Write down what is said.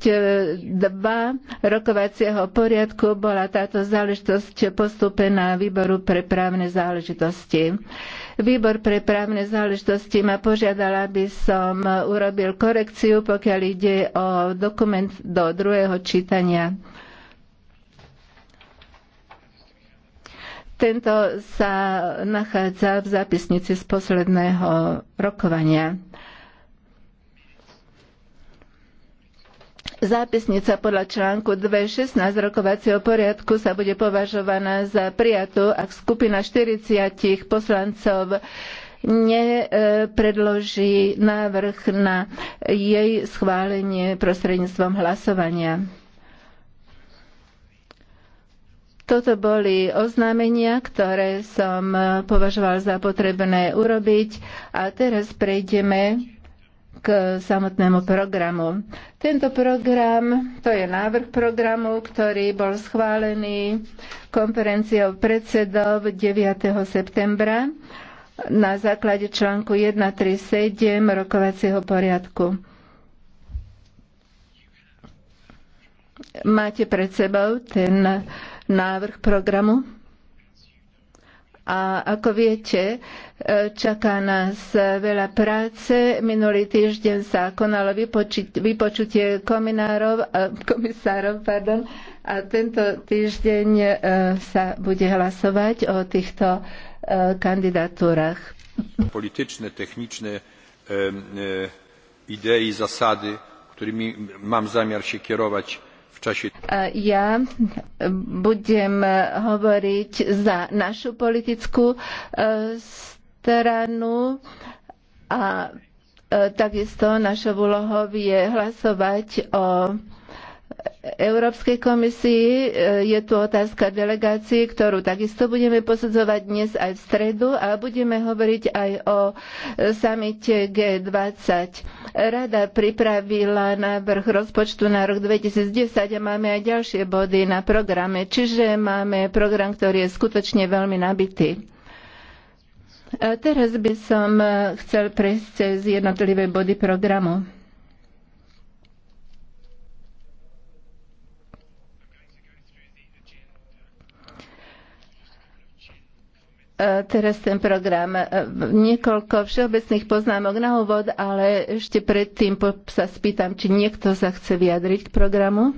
2 e, rokovacieho poriadku bola táto záležitosť postúpená výboru pre právne záležitosti. Výbor pre právne záležitosti ma požiadala, aby som urobil korekciu, pokiaľ ide o dokument do druhého čítania. Tento sa nachádza v zápisnici z posledného rokovania. Zápisnica podľa článku 2.16 rokovacieho poriadku sa bude považovaná za prijatú, ak skupina 40 poslancov nepredloží návrh na jej schválenie prostredníctvom hlasovania. Toto boli oznámenia, ktoré som považoval za potrebné urobiť a teraz prejdeme k samotnému programu. Tento program, to je návrh programu, ktorý bol schválený konferenciou predsedov 9. septembra na základe článku 137 rokovacieho poriadku. Máte pred sebou ten návrh programu? A ako viete, e, čaká nás veľa práce. Minulý týždeň sa konalo vypočutie e, komisárov pardon, a tento týždeň e, sa bude hlasovať o týchto kandidatúrach. Polityczne, techniczne idei, zasady, którymi mam zamiar się kierować ja budem hovoriť za našu politickú e, stranu a e, takisto našou úlohou je hlasovať o Európskej komisii. E, je tu otázka delegácií, ktorú takisto budeme posudzovať dnes aj v stredu a budeme hovoriť aj o e, samite G20. Rada pripravila návrh rozpočtu na rok 2010 a máme aj ďalšie body na programe, čiže máme program, ktorý je skutočne veľmi nabitý. A teraz by som e, chcel prejsť cez jednotlivé body programu. E, teraz ten program. E, niekoľko všeobecných poznámok na úvod, ale ešte predtým sa spýtam, či niekto sa chce vyjadriť k programu.